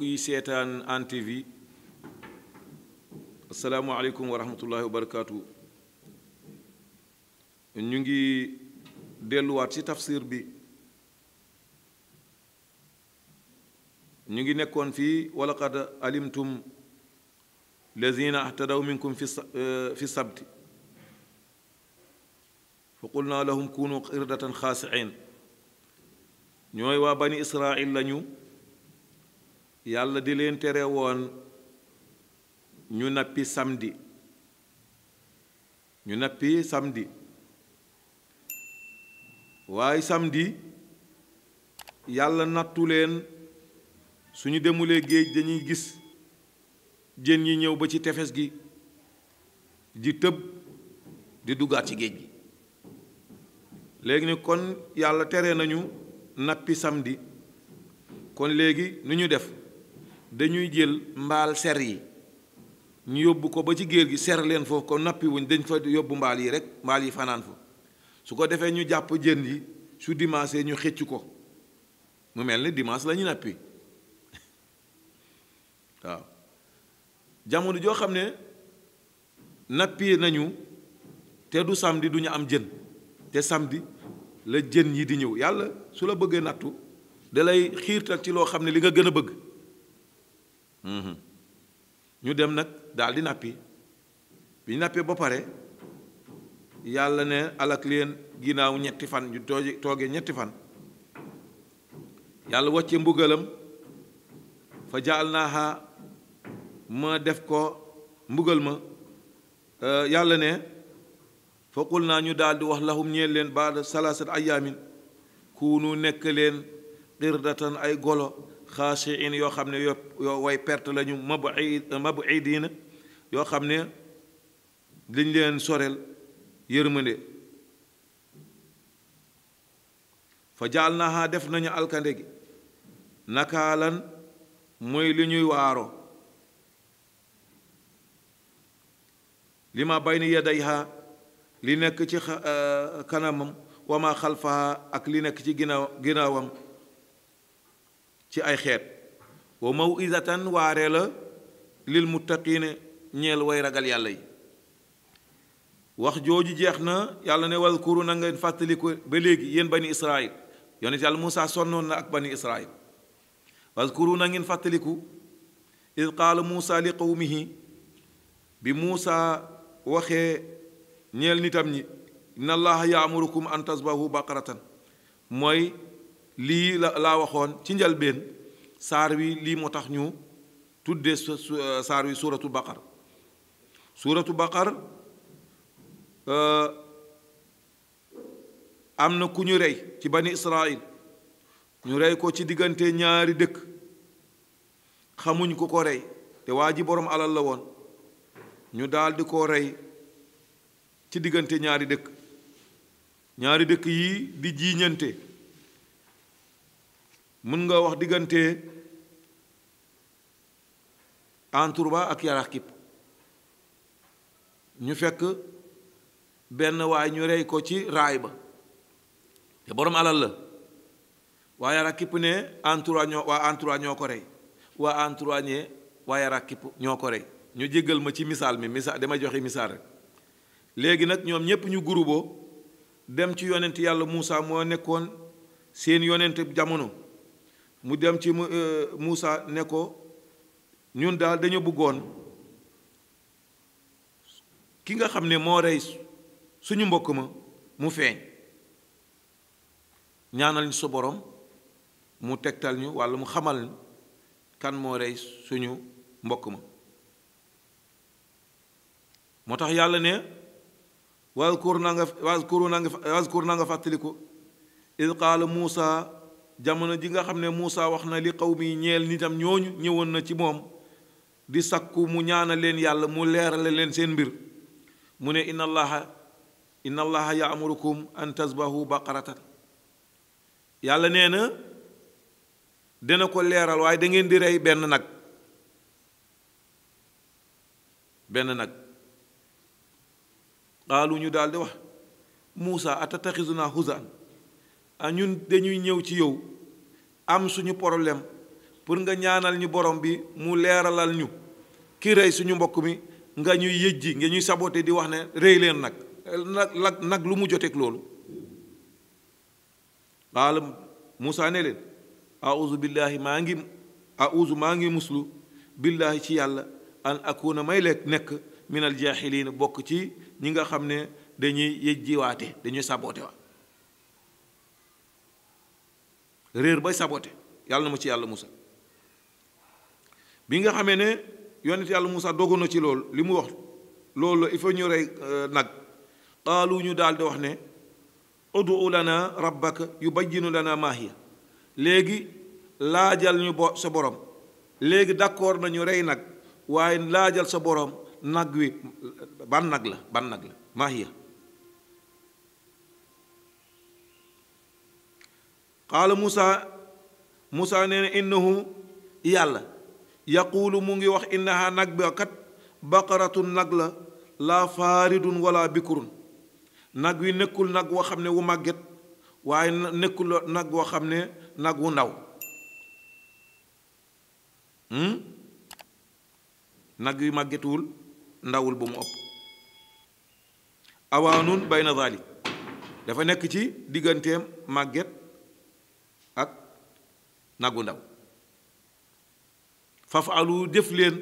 mbokki setan seetaan Hann TV asalaamualeykum wa rahmatullahi wa barakatuh ñu ngi delu wat ci tafsir bi ñu ngi nekkon fi wa laqad alimtum lazina ahtadaw minkum fi fi sabti fa qulna lahum kunu qiradatan xaasiin ñooy waa bani israil lañu yàlla di leen tere woon ñu nappi samdi ñu nappi samedi waaye samdi yàlla nattu leen suñu demulee géej dañuy gis jën yi ñëw ba ci tefes gi di tëb di duggaat ci géej gi léegi ni kon yàlla tere nañu nappi samedi kon léegi nu ñu def dañuy jël mbaal ser yi ñu yóbbu ko ba ci géer gi ser leen foofu ko nappi wuñ dañ fa yóbbu mbaal yi rek mbaal yi fanaan fa su ko defee ñu jàpp jën yi su dimanche ñu xëcc ko mu mel ni dimanche la ñu nappi jamono joo xam ne nappi nañu te du samedi duñu am jën te samedi la jën yi di ñëw yàlla su la bëggee nattu dalay lay xiirtal ci loo xam ne li nga gën a bëgg Mhm. ñu dem nag daal nappi bi ñu nappee ba pare yàlla ne alak leen ginnaaw ñetti fan ñu toogee ñetti fan yàlla wàcce mbugalam fa jaal naaha ma def ko mbugal ma euh, yàlla ne foqul naa ñu daal wax lahum ñeel leen baada salaasat ayaamin kuunu nekk leen xirdatan ay golo xaasi in yoo xam ne yo yoo way perte lañu mabu ay mabu ay diina yoo xam ne liñ leen soreel yërmande fa jaal naha def nañu alkande gi nakaalan muy li ñuy waaro li ma bay ni yadayha li nekk ci kanamam wa ma xalfaha ak li nekk ci ginnaaw ginnaawam ci ay xeet wa mawizatan waaree la lil muttaqiina ñeel way ragal yàlla yi wax jooju jeex na yàlla ne wadkuru na ngeen fàttaliku ba léegi yéen bani israil yonent yàlla Muusa sonnoon na ak bani israil wadkuru na ngeen fàttaliku id qaala musa li qawmihi bi Muusa waxee ñeel nitam ñi inna allaha yaamurukum an tasbahu baqaratan mooy lii la laa waxoon ci njalbeen saar wi lii moo tax ñu tuddee euh, saar wi suuratu baqar suuratu baqar euh, am na ku ñu rey ci bani israil ñu rey ko ci diggante ñaari dëkk xamuñ ku ko rey te waa ji boroom alal la woon ñu daldi ko rey ci diggante ñaari dëkk ñaari dëkk yi di jiiñante mën nga wax diggante ba ak Yarax Kipp ñu fekk benn waay ñu rey ko ci raay ba te boroom alal la waa Yarax Kipp ne Entourba waa Entourba ñoo ko rey waa Entourba ñee waa Kipp ñoo ko rey ñu jéggal ma ci misaal mi misaal damay joxe misaal rek léegi nag ñoom ñépp ñu guruboo dem ci yonent yàlla Muusa moo nekkoon seen yonent jamono mu dem ci euh, Moussa ne ko ñun daal dañu bëggoon ki nga xam ne moo rey suñu mbokk ma mu feeñ ñaanal ñu su borom mu tegtal ñu walla mu xamal kan moo rey suñu mbokk ma moo tax yàlla ne wazkur na nga wazkur na nga fàttaliku id qaala Muusa jamono ji nga xamne Musa waxna li qawmi ñeel nitam ñooñu ñewon na ci mom di sakku mu ñaanal leen yàlla mu leral leen seen bir mu ne inna allaha inna allaha ya'murukum an tazbahu baqaratan yàlla neena na dina ko leral way da ngeen di rey ben nak ben nak qalu ñu daldi wax musa atatakhizuna huzan a ah, ñun dañuy ñëw ci yow am suñu problème pour nga ñaanal ñu borom bi mu leeralal ñu ki rey suñu mbokk mi nga ñuy ji nga ñuy saboté di wax ne rey leen nag nag nag lu mu joteeg loolu qaala Muusaa leen auzu billaahi maa ngi auzu maa ngi muslu billaahi ci yàlla an na may lekk nekk minal jaahiliin bokk ci ñi nga xam ne dañuy yëjjiwaate dañuy saboté wa réer bay sabote yàlla na ma ci yàlla musa bi nga xamee ne yonent yàlla musa dogu ci loolu li mu wax loolu il faut ñu rey euh, nag qaalu ñu daal wax ne udu yu rabbaka yubayyinu lana maa hiya léegi laajal ñu bo sa borom léegi d'accord nañu rey nag waaye laajal sa borom nag wi ban nag la ban nag la maa qaala musaa musaa nee na innahu yàlla yaquulu mu ngi wax innaha nag ba kat baqaratun nag la laa faaridun wala bikurun nag wi nekkul nag woo xam ne wu màgget waaye nekkul nag woo xam ne nag wu ndaw hmm? nag wi màggetuwul ndawul ba mu ëpp awaanun bayna dafa nekk ci digganteem màgget nagu ndaw fafalu def leen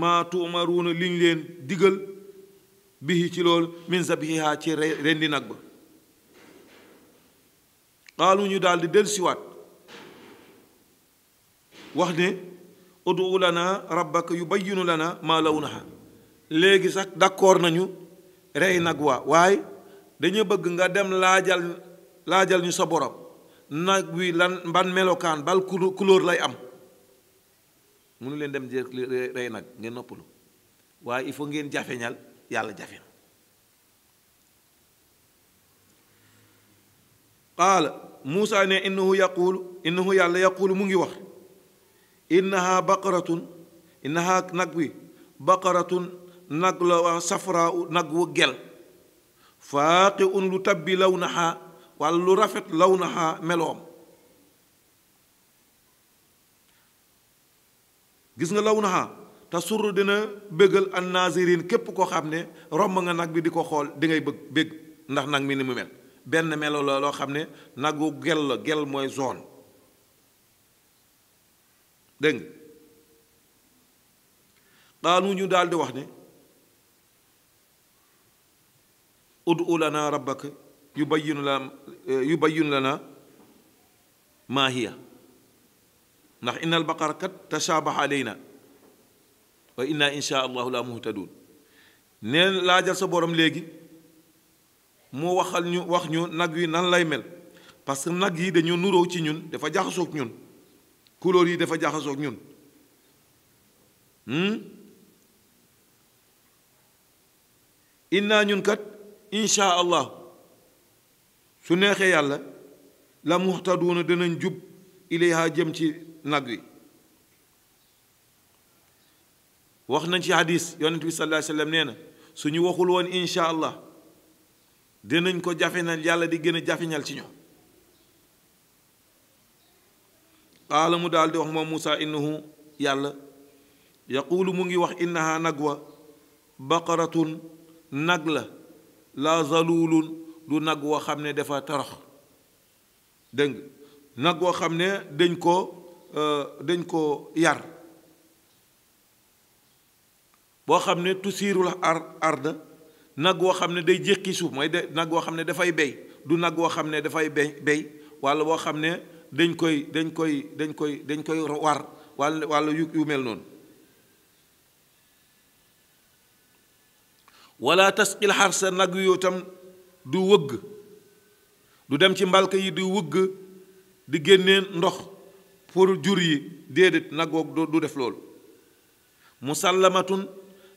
maa tuumaruuna li ñu leen digal bihi ci lool min zabiha ci rendi nag ba xaalu ñu daal di dellusiwaat wax ne yu lana rabbaka yubayyinu lana maa lawnaha léegi sa d'accord nañu rey nag waa waaye dañu bëgg nga dem laajal laajal ñu sa borom nag wi lan ban melokaan bal couleur lay am mënu leen dem jël rey nag ngeen noppalu waaye il faut ngeen jafeñal yàlla jafe na qaala muusa ne innahu yaquulu innahu yàlla yaquulu mu ngi wax innaha baqaratun innaha nag wi baqaratun nag la wax safraa nag wu gel faaqi un lu tabbi law naxaa walla lu rafet law na naxa meloom gis nga law naxa te sur dina bégal an nazirin képp koo xam ne romb nga nag bi di ko xool dingay ngay bëgg ndax nag mi ni mu mel benn melo la loo xam ne nagu gel la gel mooy zone dégg xaanu ñu daal di wax ne udu lana rabbaka يبين لنا يبين لنا ما هي نح ان البقره قد تشابه علينا وانا ان شاء الله لا مهتدون نين لا جالس بوروم لغي مو وخال ني وخ ني ناغ وي نان لاي ميل باسكو ناغ يي دانيو نورو سي نيون دافا جاخسوك نيون كولور يي دافا جاخسوك نيون هم انا نيون كات ان شاء الله su neexee yàlla la muxtaduuna dinañ jub ilayha jëm ci nag wi wax nañ ci hadis yonent bi sallallahu alayhi wasallam nee na suñu waxul woon insha allah dinañ ko jafeñal yàlla di gën a jafeñal ci ñoom qaala mu daal wax moom Moussa innahu yàlla yaquulu mu ngi wax innaha nag wa baqaratun nag la laa zaluulun du nag woo xam ne dafa torox dégg nag woo xam ne dañ ko euh, dañ ko yar boo xam ne tusiirul ar arda nag woo xam ne day jékki suuf mooy nag woo xam ne dafay bey du nag woo xam ne dafay bey bey walla woo xam ne dañ koy dañ koy dañ koy dañ koy war walla walla yu mel noonu wala tasqil xarsa nag yu tam du wëgg du dem ci mbalka yi di wëgg di génnee ndox pour jur yi déedéet nag woo du def loolu musallamatun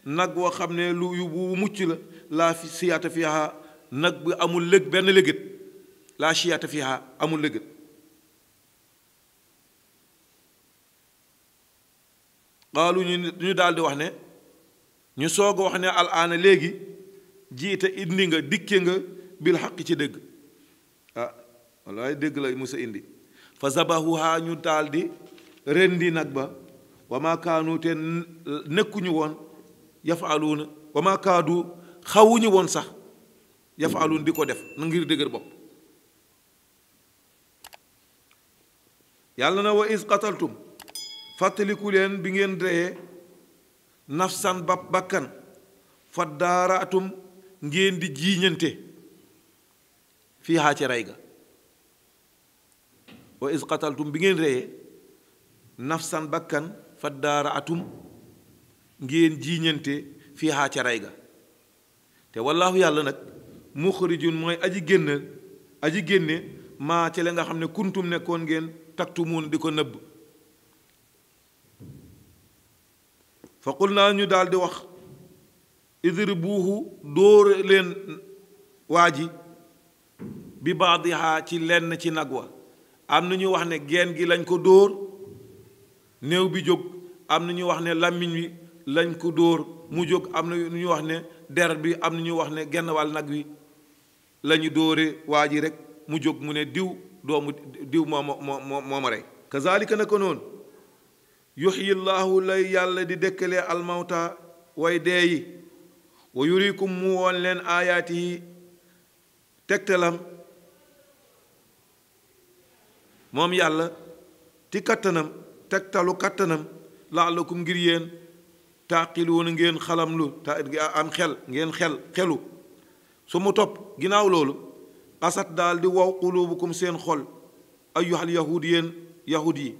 nag woo xam ne lu yu bu mucc la laa siyaata fiha nag bi amul lëg benn lëgët laa amul lëgët qaalu ñu daal wax ne ñu soog a wax ne al léegi jiite indi nga dikke nga bil xaq ci dëgg ah wallaay dëgg la musa indi fa zabahuha ñu taal rendi nag ba wa ma te nekkuñu woon yafaaluuna wa ma xawuñu woon sax yafaaluun di ko def na ngir dëgër bopp yàlla na wa is qataltum fàttaliku leen bi ngeen reyee nafsan ba bakkan fa daaraatum ngeen di jiiñante fiihaa ci ga wa bi ngeen reyee nafsan bakkan fa daara atum ngeen jiiñante fiihaa ca rey ga te wallaahu yàlla nag muxrijun mooy aji génn aji génne maa ci la nga xam ne kuntum nekkoon ngeen taktu taktumuun di ko nëbb fa qul naa ñu daldi di wax idribuuhu dóor leen waa ji bi baadiha ci lenn ci nag wa am na ñu wax ne geen gi lañ ko dóor néew bi jóg am na ñu wax ne làmmiñ wi lañ ko dóor mu jóg am na ñu wax ne der bi am na ñu wax ne genn wàll nag wi lañu dóore waa ji rek mu jóg mu ne diw doomu diw moo moo moo ma rey kazalika na ko noonu yuxyi llahu lay yàlla di dëkkalee almawta way dee yi wa yurikum mu woon leen aayaati yi tegtalam moom yàlla ci kattanam tegtalu kattanam laalakum ngir yéen taaqiluuna ngeen xalam lu ta am xel ngeen xel xelu su mu topp ginnaaw loolu asat daldi wow wow qulubukum seen xol ayuhal yahud yéen yahud yi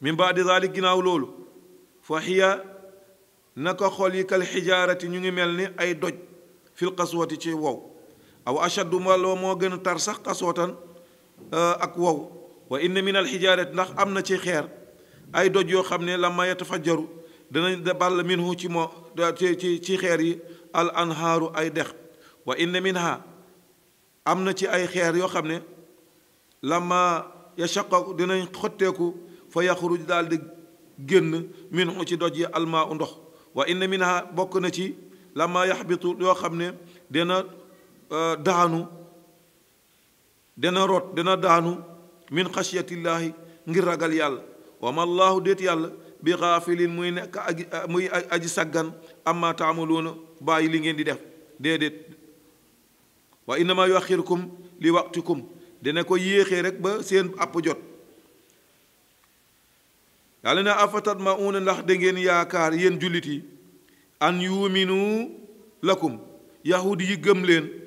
min baadi dalik ginnaaw loolu fa na naka xol yi kal xijaarati ñu ngi mel ni ay doj fil qaswati ci wow aw ashaddu mbaloo moo gën a tar sax qaswatan ak wow wa inna min hijarat ndax amna ci xeer ay doj yo xamne ne la ma yatafajjaru dana da minhu ci mo ci ci xeer yi al anharu ay dekh wa inna minha amna ci ay xeer yo xamne ne la ma yashaqaqu dinañ xotteeku fa yakhruj dal de génn minhu ci doj yi al u ndokh wa inna minha bokk na ci la ma yaxbitu yoo dina daanu dana rot dana daanu min xasiyatillaahi ngir ragal yàlla wa ma laahu déet yàlla bi xaafilin muy nekk aji muy aji saggan amma taamaluuna bàyyi li ngeen di def déedéet wa innama yuaxirkum li waqtikum dana ko yéexee rek ba seen àpp jot yàlla ne afatat ma una ndax da yaakaar yéen jullit yi an yuuminu lakum yahuud yi gëm leen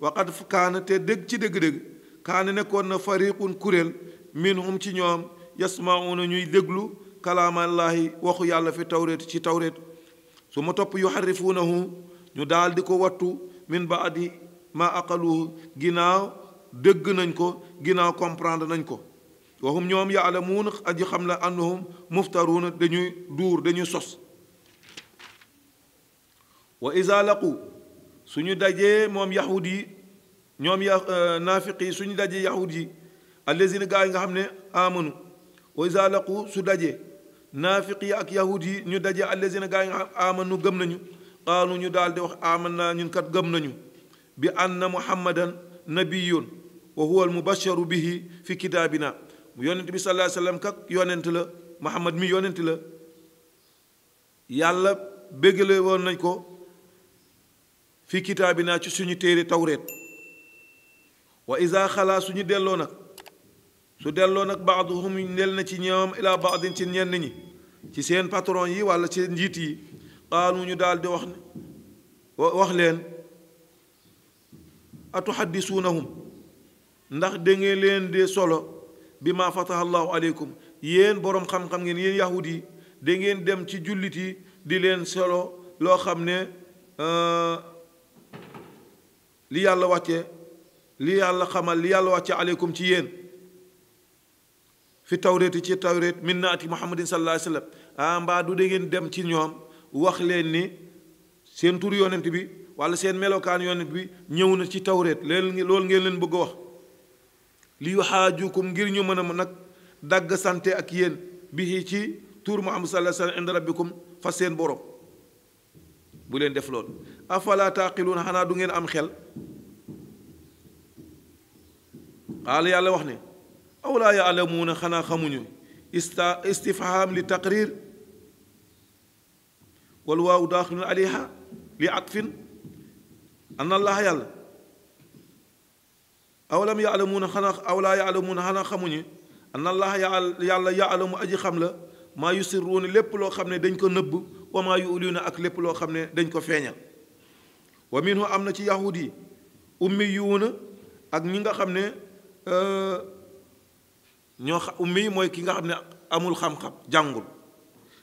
waqat kaana te dëgg ci dëgg-dëgg kaana nekkoon na fariqun kuréel minhum ci ñoom yasmauna ñuy déglu kalaamallaahi waxu yàlla fi tawreet ci tawreet su ma topp yuxarrifuunahu ñu daal ko wattu min baadi ma aqaluhu ginnaaw dégg nañ ko ginnaaw comprendre nañ ko waxum ñoom yaalamuun aji xam la annahum muftaruuna dañuy duur dañuy sos wa iza suñu dajee moom yahud yi ñoom ya euh, naafiq yi suñu dajee yahud yi allazina gaa yi nga xam ne amanu wa iza laqu su dajee naafiq yi ak yahud yi ñu dajee allazina gaa yi nga xam amanu gëm nañu qaalu ñu daal di wax amanna ñun kat gëm nañu bi na muhammadan nabiyun wa huwa mubasharu bihi fi kitaabina yonent bi sallallahu alayhi wasallam kak yonent la muhammad mi yonent la yàlla bégale woon nañ ko fi kitaabinaa ci suñu téere tawreet wa isa xalaa suñu delloo nag su delloo nag baaduhum ndel na ci ñoom ilaa baadin ci ñenn ñi ci seen patron yi walla seen njiit yi qaalu ñu daal di wax ne wax leen atuxaddisuunahum ndax da ngeen leen de solo bi ma fataha allahu aleykum yéen boroom xam-xam ngeen yéen yahud yi da dem ci jullit yi di leen solo loo xam ne euh, li yàlla wàcce li yàlla xamal li yàlla wàcce aleykum ci yéen fi tawréeti ci tawréet min naati muhammadin sallallahu alayhi wa sallam ah mbaa du dangeen dem ci ñoom wax leen ni seen tur yonent bi wala seen melokaan yonent bi ñëw na ci tawréet leen lool ngeen leen bëgg wax li yuxaajukum ngir ñu mën a nag dagg ak yéen bi ci tur muhammad sallallahu alayhi wa sallam inda rabbikum fa seen boroom bu leen def loolu afala taaqiluuna xanaa du ngeen am xel qaala yàlla wax ne aw laa yaalamuuna xanaa xamuñu ista istifhaam li taqrir wal waaw daaxilun aliha li atfin an allaha yàlla aw lam yaalamuuna xanaa aw laa yaalamuuna xanaa xamuñu an allaha yàlla yaalamu aji xam la maa yusiruuna lépp loo xam ne dañ ko nëbb wa maa yuuliuna ak lépp loo xam ne dañ ko feeñal wa minhu am na ci yahud yi ummiyuuna ak ñi nga xam ne Euh, ñoo xam ummi mooy ki nga xam ne amul xam-xam jàngul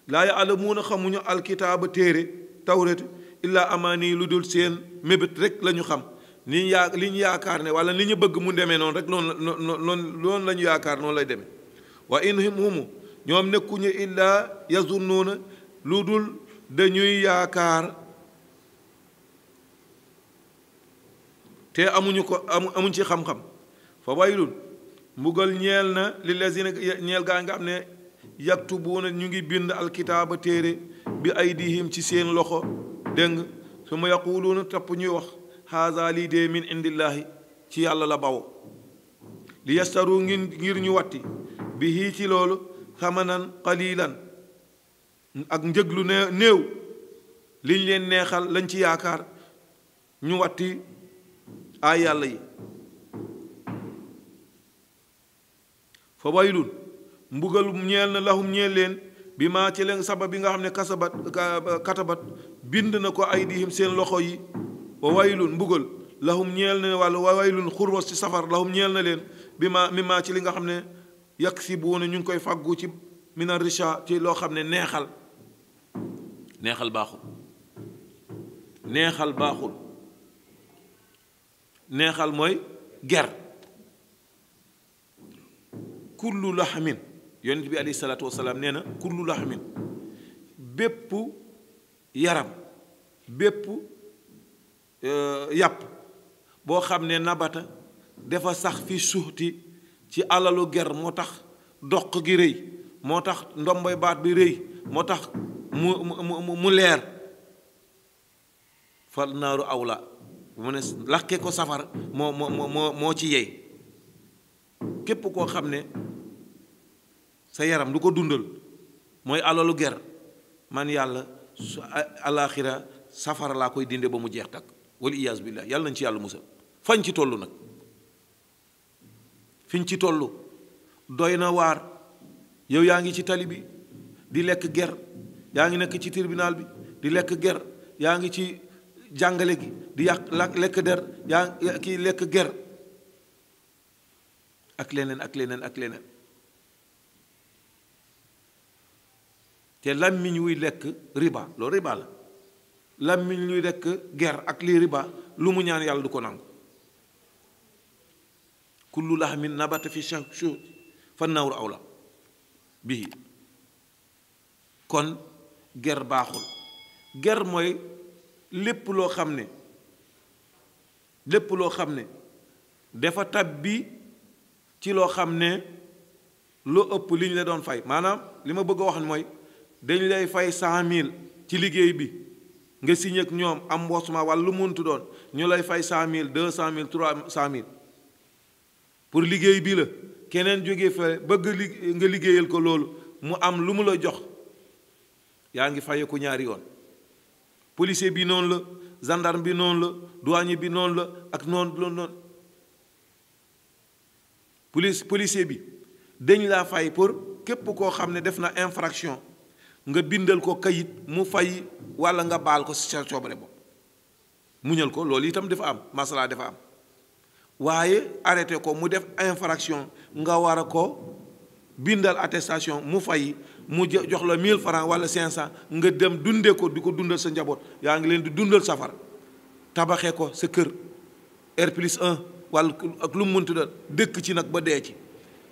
laa yaalamuuna xamuñu alkitaaba téere tawreet illaa amaani lu dul seen mébét rek la ñu xam li ñu yaa li yaakaar ne wala ni ñu bëgg mu demee noonu rek noonu noonu loonu la yaakaar noonu lay demee wa in humu ñoom nekkuñu illaa yazunnuuna lu dul dañuy yaakaar te amuñu ko amuñ ci xam-xam fa waylun mbugal ñeel na li lesina ñeel gaa nga am ne yaktubuuna ñu ngi bind alkitaaba téere bi aydihim ci seen loxo dégg suma yaquluuna topp ñuy wax haha lii dee min indillahi ci yàlla la bawo li yastaru ngi ngir ñu watti bi hii ci loolu xamanan qalilan ak njëglu ne néew liñ leen neexal lañ ci yaakaar ñu watti aa yàlla yi fa waylun mbugal ñeel na lahum ñeel leen bi maa ci leen sabab bi nga xam ne kasabat katabat bind na ko ay dihim seen loxo yi wa waylun mbugal lahum ñeel na wàlla wa waylun ci safar lahum ñeel na leen bi maa mi maa ci li nga xam ne yàq si bu ñu ngi koy fàggu ci mina richa ci loo xam ne neexal neexal baaxul neexal baaxul neexal mooy ger kullu laxmin yonent bi alayhi salaatu wasalaam nee na kullu laxmin bépp yaram bépp euh, yàpp boo xam ne nabata dafa sax fi suuxti ci alalu ger moo tax doq gi réy moo tax ndomboy baat bi rëy moo tax mu mu mu leer fal naaru aw la mu ne lakke ko safar moo moo moo moo ci yey képp koo xam ne sa yaram du ko dundal mooy alalu ger man yàlla su alaaxira safara laa koy dinde ba mu jeex takk wal iyaas billaah yàlla nañ ci yàlla musal fañ ci toll nag fiñ ci tollu doy na waar yow yaa ngi ci tali bi di lekk ger yaa ngi nekk ci tirbinaal bi di lekk ger yaa ngi ci jàngale gi di yàq lekk der yaa lekk ger ak leneen ak leneen ak leneen te làmmiñ wuy lekk riba loolu riba la làmmiñ luy lekk ger ak lii riba lu mu ñaan yàlla du ko nangu kullu laxmin nabata fi shahri fa nawru aw la bii kon ger baaxul ger mooy lépp loo xam ne lépp loo xam ne dafa tab bi ci loo xam ne loo ëpp li ñu la doon fay maanaam li ma bëgg a wax mooy dañ lay fay cent mille ci liggéey bi nga signé ak ñoom am mboosuma wala lu muntu doon ñu lay fay cent mille deux cent mille trois cent mille pour liggéey bi la keneen jóge fa bëgg nga liggéeyal ko loolu mu am lu mu la jox yaa ngi fayeku ñaari yoon policier bi noonu la gendarme bi noonu la douanier bi noonu la ak noonu loolu noonu police policier bi dañ laa fay pour képp koo xam ne def na infraction nga bindal ko kayit mu fay walla nga baal ko sa coobare bopp muñal ko loolu itam dafa am masala dafa am waaye arrêté ko mu def infraction nga war a ko bindal attestation mu fay mu jox la 1000 francs walla 500 nga dem dundee ko di ko dundal sa njaboot yaa ngi leen di dundal safar tabaxee ko sa kër R plus 1 walla ak lu mu mënti dëkk ci nag ba dee ci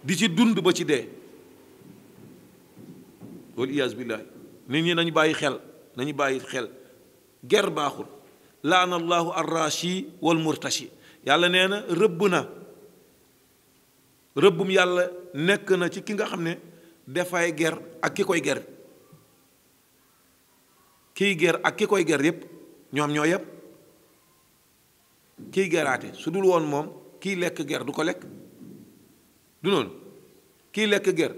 di ci dund ba ci dee. wal iyaas billahi nit ñi nañu bàyyi xel nañu bàyyi xel ger baaxul laana allahu arrashi wal murtashi yàlla nee na rëbb na rëbbum yàlla nekk na ci ki nga xam ne dafay ger ak ki koy ger kiy ger ak ki koy ger yépp ñoom ñoo yépp kiy geraate su dul woon moom kiy lekk ger du ko lekk du noonu kiy lekk ger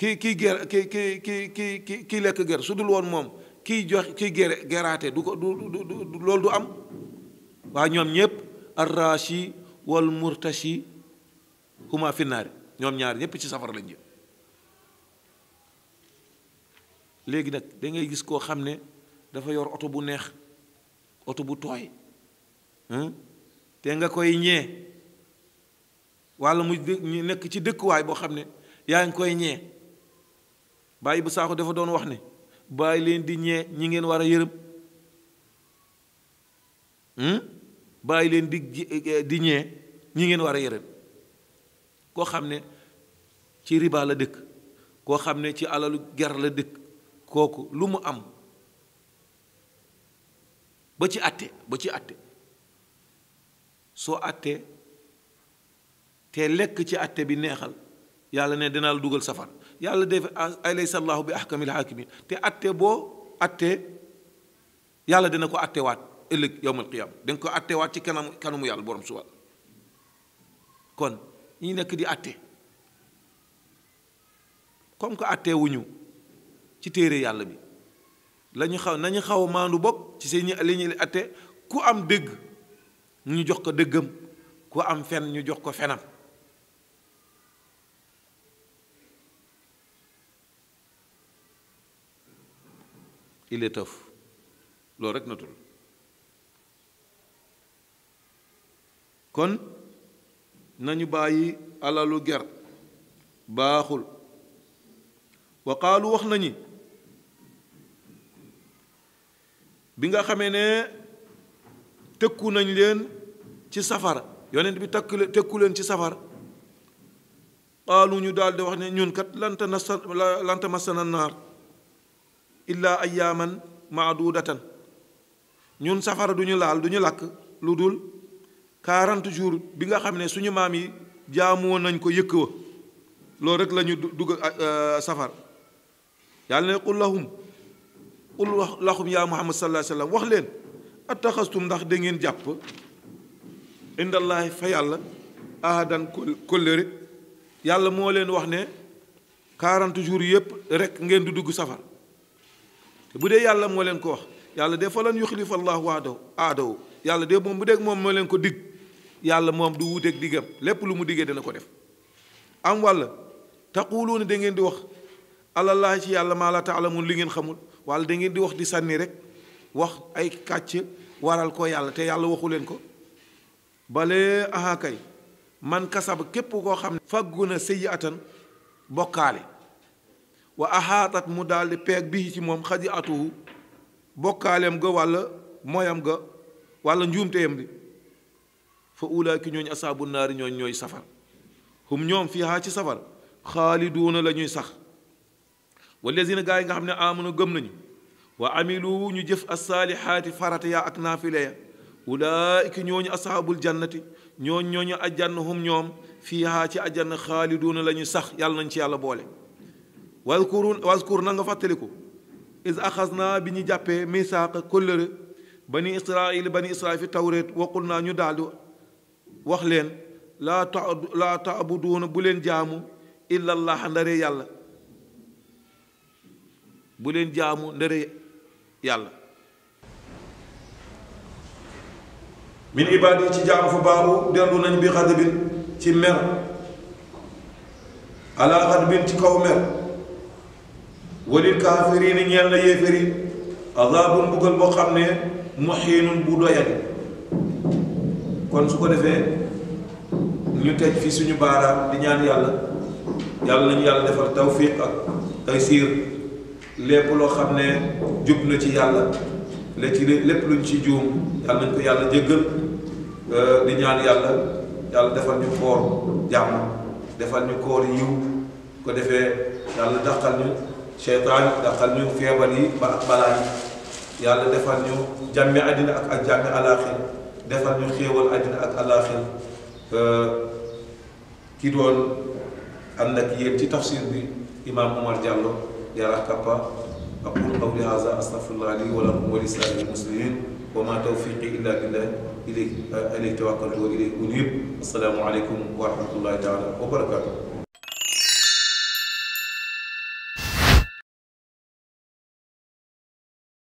kii kii ger ki ki ki ki ki kii lekk ger su dul woon moom kiy jox kii gere geraate du ko du du loolu du am waa ñoom ñépp arrashi wal murtashi huma finnaari ñoom ñaar ñépp ci safara lañ jëm léegi nag da ngay gis koo xam ne dafa yor oto bu neex oto bu tooy te nga koy ñee walla mu nekk ci dëkkuwaay boo xam ne yaa ngi koy ñee bàyyi bu saako dafa doon wax ne bàyyi leen di ñee ñi ngeen war a yërëm hmm? bàyyi leen di di ñee ñi ngeen war a yërëm koo xam ne ci riba la dëkk koo xam ne ci alalu ger dëkk kooku lu mu am ba ci àtte ba ci àtte soo àttee te lekk ci àtte bi neexal yàlla ne dinaa la dugal safar yàlla def alaysa allahu bi ahkamil hakimin te atte boo atte yàlla dina ko attewaat ëllëg yowmal qiyaama dina ko attewaat ci kanam kanamu yàlla borom subal kon ñu nekk di atte comme que atte wuñu ci téere yàlla bi lañu xaw nañu xaw a maandu bokk ci seen li ñuy atte ku am dëgg ñu jox ko dëggam ku am fen ñu jox ko fenam il est loolu rekk natul kon nañu bàyyi alalu ger baaxul wa qaalu wax nañu bi nga xamee ne tëkku nañ leen ci safara yonent bi takku leen tëkku leen ci safara qaalu ñu daal wax ne ñun kat ma nasa lanta masana naar illa ayyaman ma'dudatan ñun safara duñu laal duñu lakk lu dul 40 jours bi nga xam ne suñu maam yi jaamoo nañ ko yëkk wa loolu rek lañu dugg safar yàlla ne qul lahum qul lahum yaa muhammad sallallahu alaihi wasallam wax leen attaxastum ndax da ngeen jàpp indallahi fa yàlla ahadan kollëre yàlla moo leen wax ne 40 jours yépp rek ngeen du dugg safar te bu dee yàlla moo leen ko wax yàlla de fa lan yuxlifa allahu waadaw yàlla de moom bu dee moom moo leen ko dig yàlla moom du wuuteeg diggam lépp lu mu diggee dana ko def am walla taquluuna da ngeen di wax alallahi ci yàlla maa la taalamun li ngeen xamul walla da ngeen di wax di sànni rek wax ay kàcc waral ko yàlla te yàlla waxu leen ko bale aha kay man kasaba képp koo xam ne fàggu na sëyi atan bokkaale واهاتت مودال دي بيك بي سي موم خدي اتو بوكالم غو ولا مويام غو ولا نجومتيم دي فاولاك نيون اصحاب النار نيون نيوي سفر هم نيوم فيها سي سفر خالدون لا نيوي صح والذين غاي غا خمنا امنو گم نيو وعملوا ني جف الصالحات فرت يا اك نافله اولئك نيون اصحاب الجنه نيون نيون اجان هم نيوم فيها سي اجان خالدون لا نيوي صح يال نان يالا بوله wazkur wazkur na nga fàttaliku is axas naa bi ñu jàppee misaaq kóllëre bani israil bani israil fi tawreet waqul naa ñu daldi wax leen laa ta laa bu leen jaamu illallah ndare yàlla bu leen jaamu ndare yàlla min ibaad ci jaamu fa baaru dellu nañ bi xadabin ci mer alaa xadabin ci kaw mer وللكافرين يلا يفري عذاب بقل بقرن محين بودا يد كون سوكو ديف ني تاج في سونو بارا دي نيان يالا يالا نيو يالا ديفال توفيق اك تيسير لپ لو خامن جوب نتي يالا لتي لپ لو نتي جوم يالا نكو يالا جيغل آه، دي نيان يالا يالا ديفال ني فور جام ديفال ني كور يو كو ديفه يالا داخال ني seytaan yi daqal ñu feebar yi ba ak balaa yi yàlla defal ñu jàmmi àddina ak ak jàmmi alaaxir defal ñu xéewal àddina ak alaaxir euh, ki doon ànd ak yéen ci tafsir bi imaam Omar Diallo yàlla kappa aqulu qawli haza astafirullah li wa lakum wa li saa'iril muslimin wa ma tawfiqi illa billah ilayhi tawakkaltu wa ilayhi unib assalaamu aleykum wa rahmatullahi taala wa barakatuh